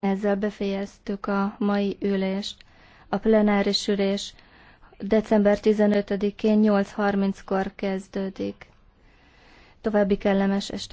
Ezzel befejeztük a mai ülést. A plenáris ülés december 15-én 8.30-kor kezdődik. További kellemes estét!